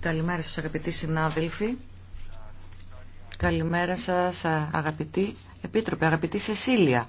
Καλημέρα σας αγαπητοί συνάδελφοι. Καλημέρα σας αγαπητοί επίτροπε, αγαπητή Σεσίλια.